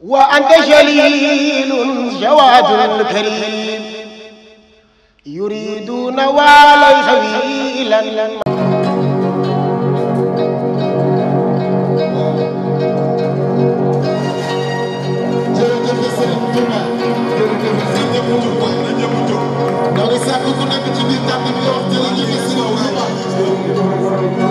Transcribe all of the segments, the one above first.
wa anta jalilun jawadul karim yuriduna wa laysa wilan Sabe como é que te dá que me ordeia e me ensinou, né?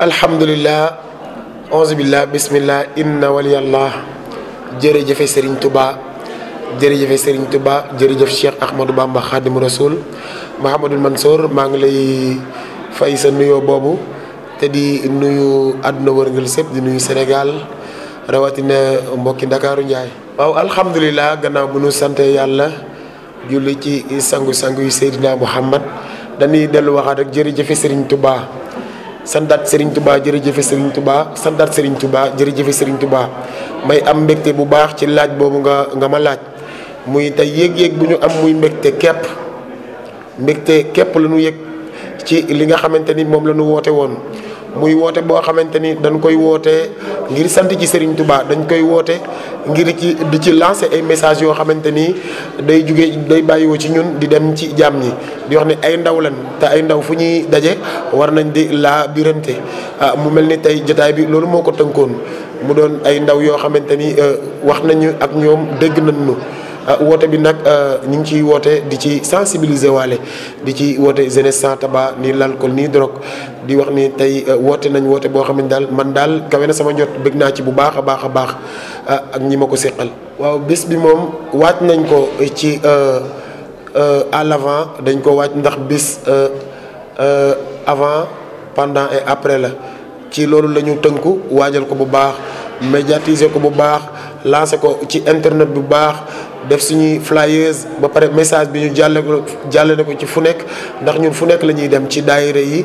alhamdulilah onze billah bismillah inna waliyallah jërëjëfe sëriñ tubaa jërëjëfe sëriñ tubaa jërëjëf cheikh ahmadou bamba xaadimu rasul mahamadul mansour maa ngi lay fay sa nuyoo boobu te di nuyu àdduna wërngël sëp di nuyu sénégal rawatina mbokki ndakaaru njaay waaw alhamdulillah gannaaw bu nu sante yàlla julli ci sangu-sangu yu seydina muhammad dañuy dellu waxaat rek jërëjëfe sëriñ tubaa santaat Serigne Touba jërëjëfe Serigne Touba santaat Serigne Touba jërëjëfe Serigne Touba may am mbégte bu baax ci laaj boobu nga nga ma laaj muy tey yéeg-yéeg bu ñu am muy mbégte képp mbégte képp la ñu yëg ci li nga xamante ni moom la ñu woote woon muy woote boo xamante ni dañ koy woote ngir sant ci Serigne Touba dañ koy woote ngir ci di ci lancer ay messages yoo xamante ni day jugee day bàyyiwu ci ñun di dem ci jaam yi di wax ne ay ndaw lan te ay ndaw fu ñuy daje war nañ di laa biirante ah mu mel ni tey jataay bi loolu moo ko tënkoon mu doon ay ndaw yoo xamante ni euh, wax nañu ak ñoom dégg nañ ñu Ah, woote bi nag ah, ñu ngi ciy woote di ci sensibiliser waale di ci woote jeunesse sans tabac ni l'alcool ni drogue di wax ni tey ah, woote nañ woote boo xam daal man daal kawe na sama jot bëgg naa ci bu baax a baax a baax ak ñi ma ko seqal. waaw bés bi moom waaj nañ ko ci à l'avant dañ ko waaj ndax bés avant pendant et après la ci loolu la ñu tënku waajal ko bu baax médiatiser ko bu baax. lancé ko ci internet bu baax def suñuy flyers ba pare message bi ñu jàll ko jàllale ko ci fu nekk ndax ñun fu nekk lañuy dem ci daayira yi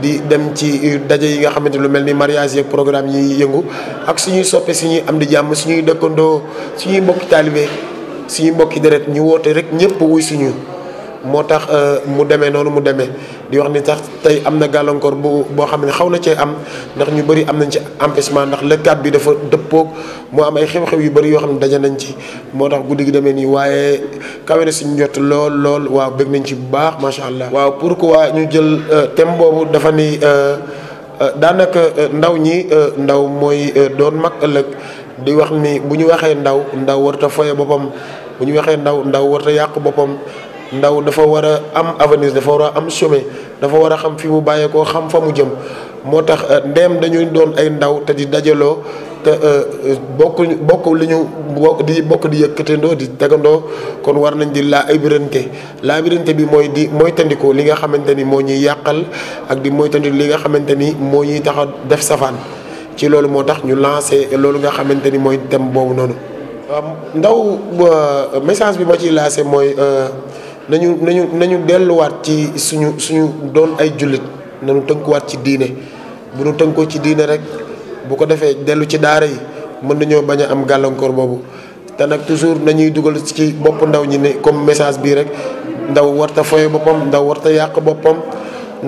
di dem ci daje yi nga xamante lu mel ni mariage yeeg programme yi yëngu ak suñuy su ñuy am di jàmm suñuy dëkkandoo suñuy mbokki taalibe suñuy mbokki deret ñu wootee rek ñëpp wuy suñu moo tax euh, mu demee noonu mu demee di wax ni tax tey am na gàllankoor bu boo xam ne xaw na cee am ndax ñu bëri am nañ ci empêchement ndax lëkkat bi dafa dëppoog moo am ay xew-xew yu bari yoo xam ne daje nañ ci moo tax guddi gi demee nii waaye kawe si suñu lool lool waa bëgg nañ ci bu baax macha allah. waaw pour pourquoi ñu jël euh, thème boobu dafa ni euh, euh, daanaka ndaw ñi ndaw mooy doon mag ëllëg di wax ni bu ñu waxee ndaw ndaw warta a foye boppam bu ñu waxee ndaw ndaw warut a yàq boppam ndaw dafa war a am avenir dafa war am chemin. dafa war a xam fi mu bàyyeekoo xam fa mu jëm moo tax euh, ndeem dañuy doon ay ndaw te di dajaloo te bokk euh, bokk li ñu bokk di bokk di yëkkatandoo di tegandoo kon war nañ di laabirante laabirante bi mooy di moytandiku li nga xamante ni moo ñuy yàqal ak di moytandiku li nga xamante ni moo ñuy tax def safaan ci loolu moo tax ñu lancé loolu nga xamante ni mooy dem boobu noonu. waaw ndaw euh, message bi ma ciy lancé mooy. nañu nañu nañu delluwaat ci suñu suñu doon ay jullit nañu tënkuwaat ci diine bu nu tënkoo ci diine rek bu ko defee dellu ci daara yi mën nañoo bañ a am gàllankoor boobu te nag toujours nañuy dugal ci bopp ndaw ñi ne comme message bii rek ndaw warta foye boppam ndaw warte yàq boppam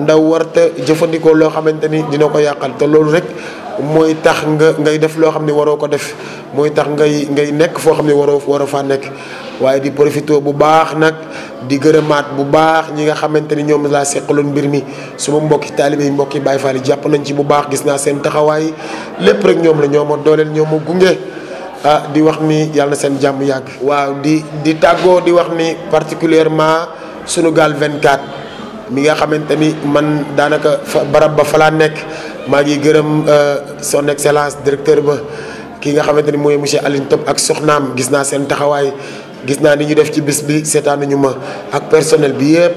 ndaw warte jëfandikoo loo xamante ni dina ko yàqal te loolu rek mooy tax nga ngay def loo xam ne waroo ko def mooy tax ngay ngay nekk foo xam ne waroo waroo faa nekk waaye di profité bu baax nag di gërëmaat bu baax ñi nga xamante ni ñoom laa seqaloon mbir mi suma mbokki taalibe yi mbokki Baay Faal yi jàpp nañ ci bu baax gis naa seen taxawaay lépp rek ñoom la ñoo ma dooleel ñoo ma gunge ah di wax ni yàlla seen jàmm yàgg. waaw di di tàggoo di wax ni particulièrement vingt 24 mi nga xamante ni man daanaka fa barab ba fa nekk. maa ngi gërëm euh, son excellence directeur ba ki nga xamante ni mooy monsieur Aline Top ak soxnaam gis naa seen taxawaay gis naa ni ñu def ci bis bi seetaanuñu ma ak personnel bi yëpp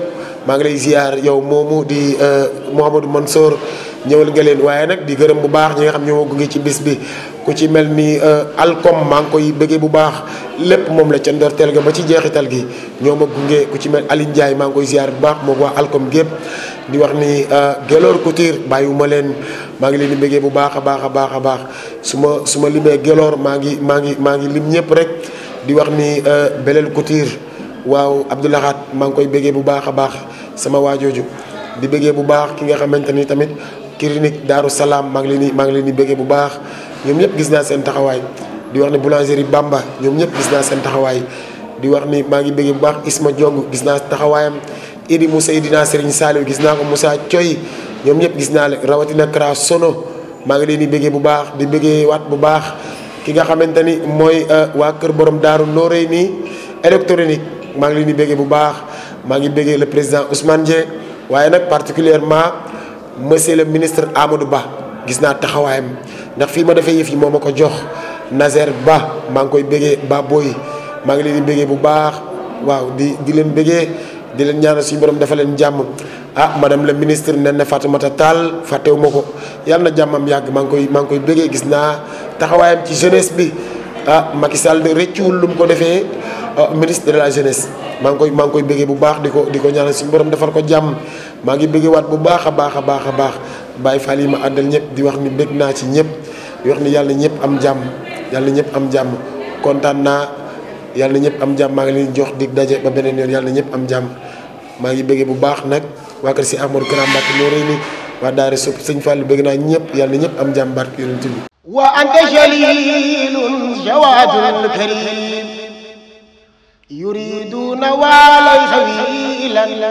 maa ngi lay ziar yow moomu di euh, Mouhamadou Mansour ñëwal nga leen waaye di gërëm bu baax ñi nga xam ñoo gunge ci bis bi ku ci mel ni euh, alkom maa ngi koy bëggee bu baax lépp moom la ca ndorteel ga ba ci jeexital gi ñoo ma gunge ku ci mel Aline Ndiaye maa ngi koy ziar bu baax moom waa alkom gépp di wax ni euh, Gelor Couture bàyyiwuma leen maa ngi leen di bëggee bu baax a baax a baax a baax su ma su ma limee Gelor maa ngi maa ngi maa ngi lim ñëpp rek di wax ni euh, Belel Couture waaw Abdoulahat maa ngi koy bëggee bu baax a baax sama waajooju di bëggee bu baax ki nga xamante ni tamit clinique Daaru Salaam maa ngi leen maa ngi leen di bëggee bu baax ñoom ñëpp gis naa seen taxawaay di wax ni boulangerie Bamba ñoom ñëpp gis naa seen taxawaay di wax ni maa ngi bëggee bu baax Isma Jong gis naa taxawaayam idi mu dina Serigne Saliou gis naa ko Moussa Thioy ñoom ñëpp gis naa la rawatina Kara Sono maa ngi leen di bëggee bu baax di bëggee waat bu baax ki nga xamante ni mooy euh, waa kër borom daaru noo nooree nii électronique maa ngi leen di bëggee bu baax maa ngi bëggee le président Ousmane Dieng waaye nag particulièrement monsieur le ministre Amadou Ba gis naa taxawaayam ndax fii ma defee yëf yi moom ma ko jox Nazer Ba maa ngi koy bëggee Ba Boy maa ngi leen di bu baax waaw di di leen di leen ñaanal suñu borom dafa leen jàmm ah madame la ministre nen na Fatoumata Tall fàttewuma ko yàlla na jàmmam yàgg maa ngi koy maa ngi koy bëggee gis naa taxawaayam ci jeunesse bi ah Macky Sall de rëccuwul lu mu ko defee ah, ministre de la jeunesse maa ngi koy maa ngi koy bëggee bu baax di ko di ko ñaanal si borom defal ko jàmm maa ngi bëggee waat bu baax a baax a baax a baax bàyyi faal yi ma àddal ñëpp di wax ni bëgg naa ci ñëpp di wax ni yàlla ñëpp am jàmm yàlla ñëpp am jàmm yàlla na ñëpp am jàmm maa ngi leen jox dig daje ba beneen yoon yàlla na ñëpp am jàmm maa ngi bëggee bu baax nag waa kër si Amadou Kara Mbacke ñoo rëy nii waa Daara Sopp sëñ Fall bëgg naa ñëpp yàlla na ñëpp am jàmm barke yonent bi wa anta jalilun jawadul karim yuriduna wa laysa